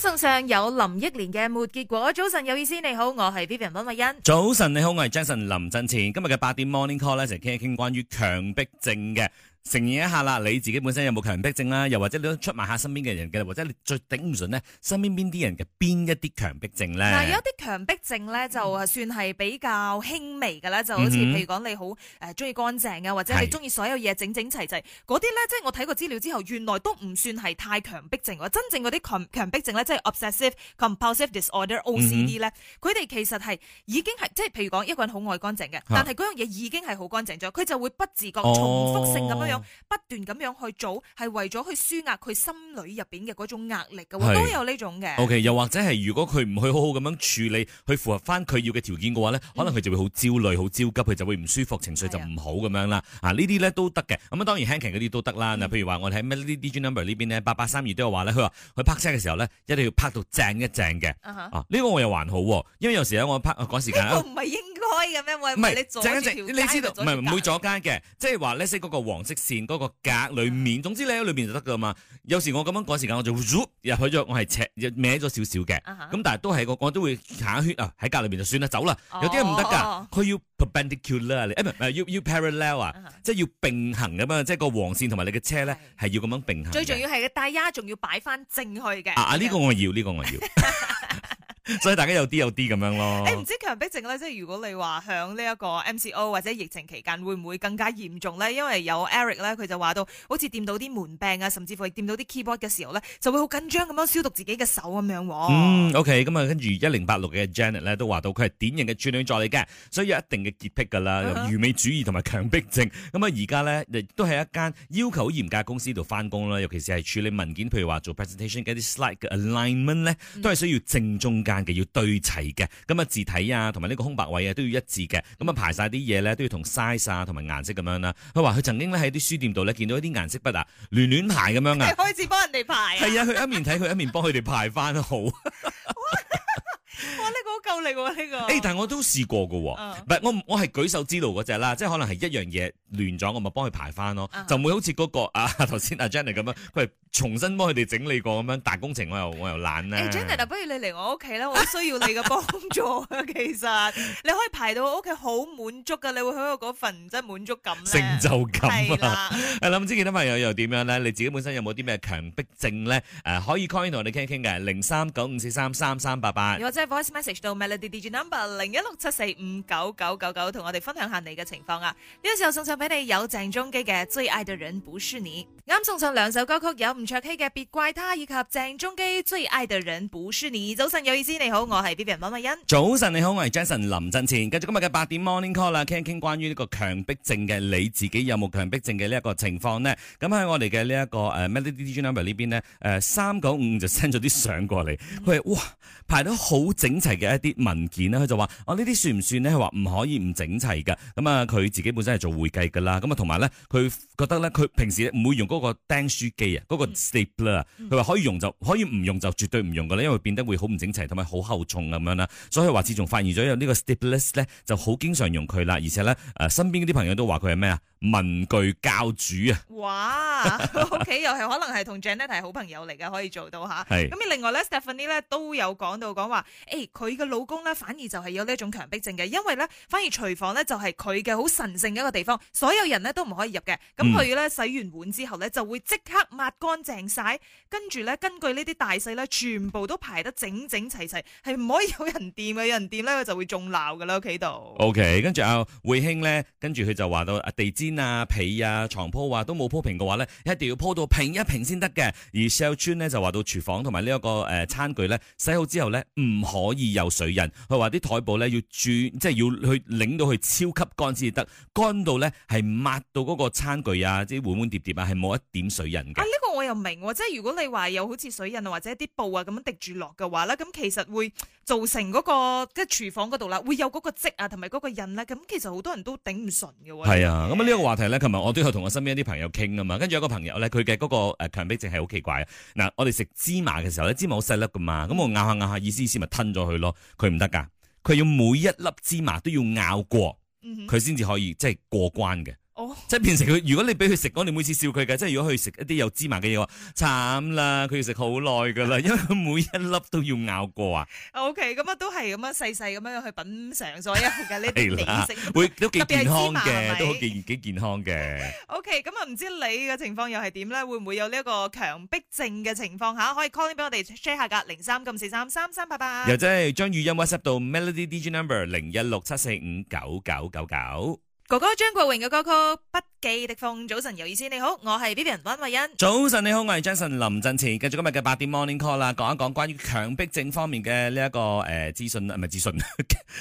今日上有林憶蓮嘅《沒結果》。早晨有意思，你好，我係 Vivian 溫慧欣。早晨你好，我係 Jason 林振前。今日嘅八點 morning call 咧，就傾一傾關於強迫症嘅。承認一下啦，你自己本身有冇強迫症啦？又或者你都出賣下身邊嘅人嘅，或者你最頂唔順呢？身邊邊啲人嘅邊一啲強迫症咧？嗱，有啲強迫症咧，就算係比較輕微噶啦，就好似、嗯、哼譬如講你好誒中意乾淨啊，或者你中意所有嘢整整齊齊，嗰啲咧，即係我睇過資料之後，原來都唔算係太強迫症。真正嗰啲強強迫症咧，即係 obsessive compulsive disorder OCD 咧，佢哋、嗯、哼其實係已經係即係譬如講一個人好愛乾淨嘅，但係嗰樣嘢已經係好乾淨咗，佢就會不自覺重複性咁樣、哦。哦、 不斷咁樣去做，係為咗去紓壓佢心裏入邊嘅嗰種壓力嘅話，是都有呢種嘅。O、okay, K，又或者係如果佢唔去好好咁樣處理，去符合翻佢要嘅條件嘅話咧，嗯、可能佢就會好焦慮、好焦急，佢就會唔舒服、情緒就唔好咁樣啦。是啊，啊，呢啲咧都得嘅。咁啊，當然 handling 嗰啲都得啦。嗱，譬如話我睇咩呢啲 number 呢邊咧，八八三二都有話咧，佢話佢拍車嘅時候咧，一定要拍到正一正嘅。呢、uh huh 啊這個我又還好，因為有時咧我拍，我趕時間啊。可以嘅咩？唔係，正正是你，你知道，唔係唔會阻街嘅，即係話咧識嗰個黃色線嗰、那個格裏面。的總之你喺裏面就得噶嘛。有時我咁樣趕時間，我就入去咗，我係斜歪咗少少嘅。咁、huh. 但係都係我我都會行一圈啊，喺格裏邊就算啦，走啦。有啲嘢唔得㗎，佢、oh. 要 perpendicular 啊，誒唔係要，要 parallel 啊、uh，huh. 即係要並行啊嘛，即、就、係、是、個黃線同埋你嘅車咧係要咁樣並行。最重要係嘅，大家仲要擺翻正去嘅。啊呢個我要，呢、這個我要。這個我要 所以大家有啲有啲咁樣咯。誒，唔知強迫症咧，即係如果你話響呢一個 MCO 或者疫情期間，會唔會更加嚴重咧？因為有 Eric 咧，佢就話到，好似掂到啲門柄啊，甚至乎掂到啲 keyboard 嘅時候咧，就會好緊張咁樣消毒自己嘅手咁樣。嗯，OK，咁啊，跟住一零八六嘅 Janet 咧都話到，佢係典型嘅處女座助理嚟嘅，所以有一定嘅潔癖噶啦，有完美主義同埋強迫症。咁啊、uh，而、huh. 家咧亦都係一間要求好嚴格公司度翻工啦，尤其是係處理文件，譬如話做 presentation 嗰啲 slide 嘅 alignment 咧，都係需要正中間嘅要對齊嘅，咁啊字體啊，同埋呢個空白位啊都要一致嘅。咁啊、嗯、排晒啲嘢咧都要同 size 他他暖暖啊，同埋顏色咁樣啦。佢話佢曾經咧喺啲書店度咧見到一啲顏色筆啊，亂亂排咁樣啊，開始幫人哋排。係啊，佢一面睇，佢一面幫佢哋排翻好。 哇！呢、這個好夠力喎、啊，呢、這個。誒、欸，但係我都試過噶、哦，唔係、uh. 我我係舉手之勞嗰隻啦，即係可能係一樣嘢亂咗，我咪幫佢排翻咯，uh huh. 就唔會好似嗰個啊頭先阿 Jenny 咁樣，佢係重新幫佢哋整理過咁樣大工程我，我又我又懶啦。Jenny 不如你嚟我屋企啦，我需要你嘅幫助啊， 其實你可以排到我屋企好滿足噶，你會喺我嗰份真滿足感、成就感啊。誒了，諗住其他朋友又點樣咧？你自己本身有冇啲咩強迫症咧？誒、啊，可以 call 我同我哋傾一傾嘅，零三九五四三三三八八。Voice Message 到 Melody DJ Number 零一六七四五九九九九，同我哋分享下你嘅情況啊！呢個時候送上俾你有鄭中基嘅最愛的人不是你，啱送上兩首歌曲有吳卓羲嘅別怪他以及鄭中基最愛的人不是你。早晨有意思，你好，我係 B B M 麥恩。早晨你好，我係 Jason 林振前。繼續今日嘅八點 Morning Call 啦，傾一傾關於呢個強迫症嘅，你自己有冇強迫症嘅呢一個情況呢？咁喺我哋嘅呢一個誒 Melody DJ Number 呢邊咧，誒三九五就 send 咗啲相過嚟，佢話哇排到好。整齊嘅一啲文件咧，佢就話：哦，算算呢啲算唔算咧？佢話唔可以唔整齊嘅。咁、嗯、啊，佢自己本身係做會計噶啦。咁啊，同埋咧，佢覺得咧，佢平時唔會用嗰個釘書機啊，嗰、嗰個 stapler 佢話可以用就，可以唔用就絕對唔用嘅啦，因為變得會好唔整齊，同埋好厚重咁樣啦。所以話自從發現咗有呢個 stapler 咧，就好經常用佢啦。而且咧，誒身邊啲朋友都話佢係咩啊？文具教主啊！哇！屋、okay, 企 又係可能係同 Janet 係好朋友嚟嘅，可以做到吓。咁是另外咧，Stephanie 咧都有講到講話。誒，佢嘅、哎、老公咧，反而就係有呢一種強迫症嘅，因為咧，反而廚房咧就係佢嘅好神聖嘅一個地方，所有人咧都唔可以入嘅。咁佢咧洗完碗之後咧，就會即刻抹乾淨晒，跟住咧根據呢啲大細咧，全部都排得整整齊齊，係唔可以有人掂嘅，有人掂咧就會仲鬧㗎啦，屋企度。O K，跟住阿慧卿咧，跟住佢就話到啊，地氈啊、被啊、床鋪啊，都冇鋪平嘅話咧，一定要鋪到平一平先得嘅。而 s e l l 娟咧就話到廚房同埋呢一個誒餐具咧，洗好之後咧唔。可以有水印，佢話啲台布咧要轉，即係要去擰到佢超級乾先至得，乾到咧係抹到嗰個餐具啊，即係碗碗碟碟啊，係冇一點水印嘅。啊，呢個我又明，即係如果你話有好似水印啊，或者一啲布啊咁樣滴住落嘅話咧，咁其實會。造成嗰個嘅廚房嗰度啦，會有嗰個漬啊，同埋嗰個印咧、啊，咁其實好多人都頂唔順嘅喎。係啊，咁啊呢個話題咧，琴日我都有同我身邊啲朋友傾啊嘛，跟住有個朋友咧，佢嘅嗰個誒強迫症係好奇怪啊。嗱，我哋食芝麻嘅時候咧，芝麻好細粒噶嘛，咁、嗯、我咬下咬下，意思意思咪吞咗佢咯，佢唔得噶，佢要每一粒芝麻都要咬過，佢先至可以即係過關嘅。即係變成佢，如果你俾佢食，講你每次笑佢嘅。即係如果佢食一啲有芝麻嘅嘢話，慘啦，佢要食好耐噶啦，因為佢每一粒都要咬過啊。O K，咁啊都係咁樣細細咁樣樣去品嘗咗一下嘅呢啲零食，會都幾健康嘅，都好幾健康嘅。O K，咁啊唔知你嘅情況又係點咧？會唔會有呢一個強迫症嘅情況吓？可以 call 你俾我哋 share 下噶，零三咁四三三三，八八。又即係將語音 WhatsApp 到 Melody DJ number 零一六七四五九九九九。哥哥張國榮嘅歌曲《不羈的風》。早晨有意思，你好，我係 B B 人溫慧欣。早晨你好，我係 Jason 林振詞。繼續今日嘅八點 Morning Call 啦，講一講關於強迫症方面嘅呢一個誒資訊，唔係資訊，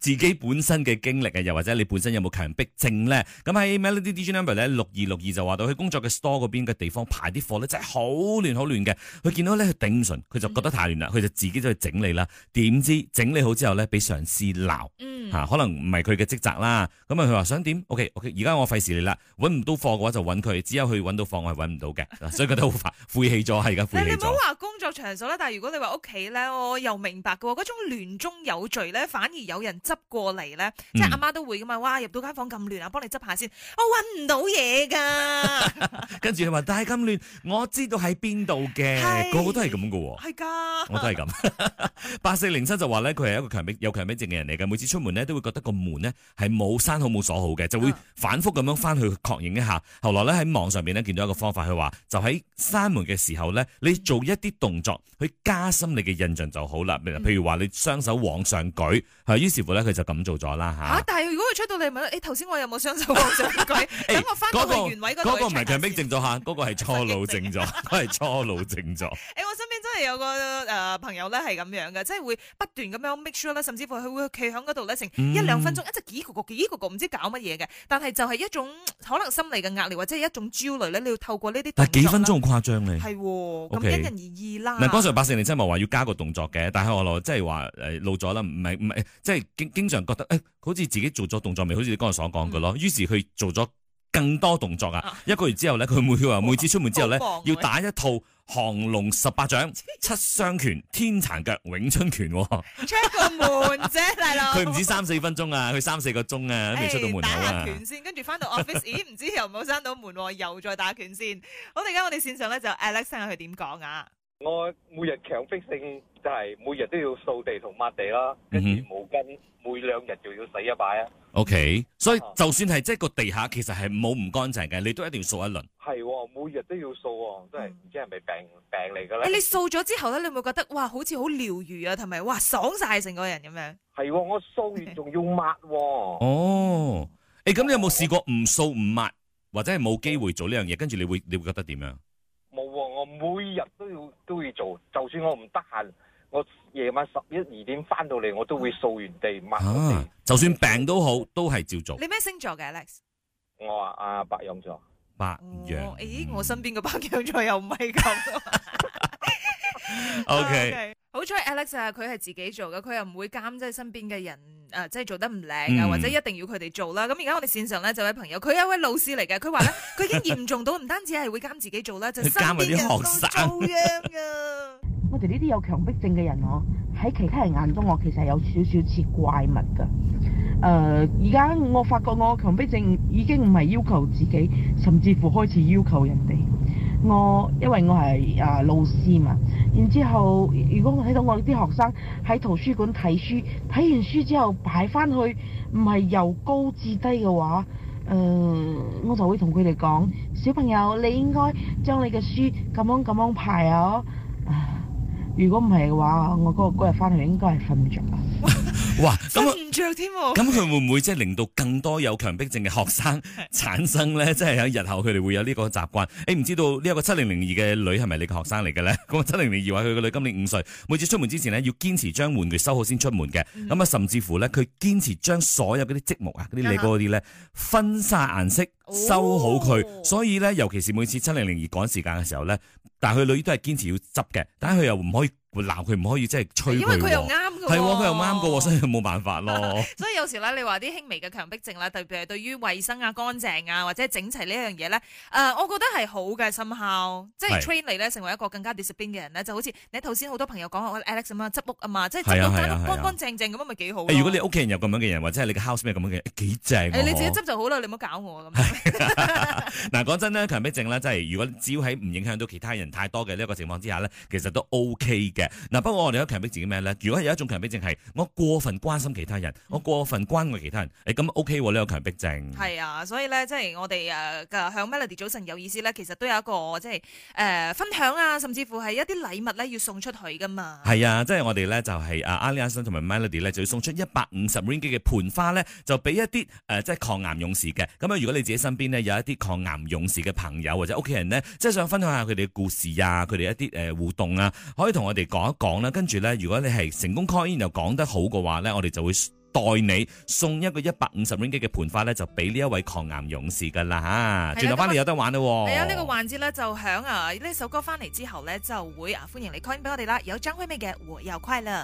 自己本身嘅經歷啊，又或者你本身有冇強迫症咧？咁喺 Melody D J Number 咧六二六二，就話到，佢工作嘅 store 嗰邊嘅地方排啲貨咧真係好亂好亂嘅，佢見到咧佢頂唔順，佢就覺得太亂啦，佢就自己走去整理啦。點知整理好之後咧，俾上司鬧，嗯吓，可能唔係佢嘅職責啦。咁啊，佢話想點？O K O K，而家我費事你啦，搵唔到貨嘅話就搵佢，只有去搵到貨我係搵唔到嘅，所以覺得好煩，晦氣咗係而家晦氣咗。你唔好話工作場所啦，但係如果你話屋企咧，我又明白嘅喎，嗰種亂中有序咧，反而有人執過嚟，咧即係阿媽都會噶嘛，哇入到間房咁亂啊，幫你執下先，我搵唔到嘢噶。 跟住你話，但係咁亂，我知道喺邊度嘅， 是個個都係咁噶喎，係噶的，我都係咁。八四零七就話咧，佢係一個強迫有強迫症嘅人嚟嘅，每次出門咧都會覺得個門咧係冇閂好冇鎖好嘅，就會反覆咁樣翻去確認一下，後來咧喺網上邊咧見到一個方法，佢話、嗯、就喺閂門嘅時候咧，你做一啲動作去加深你嘅印象就好啦。譬如話你雙手往上舉，係、嗯、於是乎咧佢就咁做咗啦嚇。但係如果佢出到嚟問，你頭先我有冇雙手往上舉？咁、 欸、我翻去原位嗰度嗰個唔係強逼症咗嚇，嗰先個係初老症咗，係初老症咗。誒、 欸，我身邊真係有個誒朋友咧係咁樣嘅，即係會不斷咁樣 make sure 咧，甚至乎佢會企響嗰度咧，成一、嗯、兩分鐘一直幾個個，個幾個個唔知搞乜嘢。但係就係一種可能心理嘅壓力或者係一種焦慮咧，你要透過呢啲。但幾分鐘誇張咧？係、哦，咁 Okay. 因人而異啦。嗱，剛才八成你真係冇話要加個動作嘅，但係我羅即係話誒老咗啦，唔係唔係，即係經經常覺得誒、哎，好似自己做咗動作未？好似你剛才所講嘅咯，於、嗯、是佢做咗。更多動作啊！啊，一個月之後咧，佢每佢話每次出門之後咧，啊、要打一套降龍十八掌、七傷拳、天殘腳、詠春拳喎、啊。出個門啫，大佬。佢唔止三四分鐘啊，佢三四個鐘啊都未、欸、出到門口啊。打下拳先，跟住翻到 office，咦？唔知又冇閂到門喎、啊，又再打拳先。好，而家我哋線上咧就 Alex 聽下佢點講啊。我每日強迫性就係、是、每日都要掃地同抹地啦，跟住毛巾每兩日就要洗一擺啊。O、okay, K，所以就算係即係個地下其實係冇唔乾淨嘅，你都一定要掃一輪。係、哦，每日都要掃、哦，真係唔知係咪病病嚟㗎喇。你掃咗之後咧，你會唔會覺得哇，好似好療愈啊，同埋哇，爽晒成個人咁樣？係、哦，我掃完仲要抹。哦，誒 Okay.、哦，咁、欸、你有冇試過唔掃唔抹，或者係冇機會做呢樣嘢，跟住你會你會覺得點樣？冇、哦，我每日都要都要做，就算我唔得閒。我夜晚十一二點翻到嚟，我都會掃完地抹。就算病都好，都係照做。你咩星座嘅 Alex？我話，啊白羊座，白羊。咦，我身邊個白羊座又唔係咁。OK，好彩 Alex 啊，佢係自己做嘅，佢又唔會監即係身邊嘅人，誒，即係做得唔靚啊，或者一定要佢哋做啦。咁而家我哋線上咧就位朋友，佢係一位老師嚟嘅，佢話咧佢已經嚴重到唔單止係會監自己做啦，就身邊啲學生。我哋呢啲有強迫症嘅人，嗬喺其他人眼中，我其實有少少似怪物㗎。誒、呃，而家我發覺我強迫症已經唔係要求自己，甚至乎開始要求人哋。我因為我係誒、啊、老師嘛，然之後如果我睇到我啲學生喺圖書館睇書，睇完書之後擺返去唔係由高至低嘅話，誒、呃、我就會同佢哋講：小朋友，你應該將你嘅書咁樣咁樣排哦、啊。如果唔係嘅話，我嗰日翻嚟應該係瞓唔着啊！哇，瞓唔着添，咁佢會唔會即係令到更多有強迫症嘅學生產生咧？即係喺日後佢哋會有呢個習慣？誒、欸，唔知道呢、這個七零零二嘅女係咪你嘅學生嚟嘅咧？咁啊、嗯，七零零二話佢個女今年五歲，每次出門之前呢，要堅持將玩具收好先出門嘅。咁啊、嗯，甚至乎咧佢堅持將所有嗰啲積木啊、嗰啲你嗰啲咧分晒顏色,色收好佢。哦、所以咧，尤其是每次七零零二趕時間嘅時候咧。但係佢女都係堅持要執嘅，但係佢又唔可以鬧佢，唔可以真係催佢。係喎，佢又啱嘅喎，所以冇辦法咯。所以有時咧，你話啲輕微嘅強迫症啦，特別係對於衛生啊、乾淨啊或者整齊呢樣嘢咧，誒，我覺得係好嘅，somehow，即係 train 嚟咧，成為一個更加 discipline 嘅人咧，就好似你頭先好多朋友講 Alex 啊嘛，執屋啊嘛，即係執到間屋乾乾淨淨咁，咪幾好。如果你屋企人有咁樣嘅人，或者係你個 house 咩咁樣嘅，幾正。你自己執就好啦，你唔好搞我咁。嗱，講真咧，強迫症咧，即係如果只要喺唔影響到其他人太多嘅呢一個情況之下咧，其實都 OK 嘅。嗱，不過我哋都強迫自己咩咧？如果有一種。強迫症係我過分關心其他人。嗯、我過分關愛其他人，誒咁 O K 喎，呢個強迫症。係啊，所以咧，即係我哋誒嘅，啊，響 Melody 早晨有意思咧，其實都有一個即係誒、呃、分享啊，甚至乎係一啲禮物咧要送出去噶嘛。係啊，即係我哋咧就係阿阿李阿生同埋 Melody 咧，就要送出一百五十 ringgit 嘅盆花咧，就俾一啲誒、啊、即係抗癌勇士嘅。咁啊，如果你自己身邊呢有一啲抗癌勇士嘅朋友或者屋企人呢，即係想分享下佢哋嘅故事啊，佢哋一啲誒互動啊，可以同我哋講一講啦。跟住咧，如果你係成功抗當然又講得好嘅話咧，我哋就會代你送一個一百五十蚊雞嘅盤花咧，就俾呢一位抗癌勇士噶啦吓。轉頭翻嚟有得玩咯，係啊，呢個環節咧就響啊呢首歌翻嚟之後咧就會啊歡迎你 call in 俾我哋啦，有張惠美嘅我又快樂。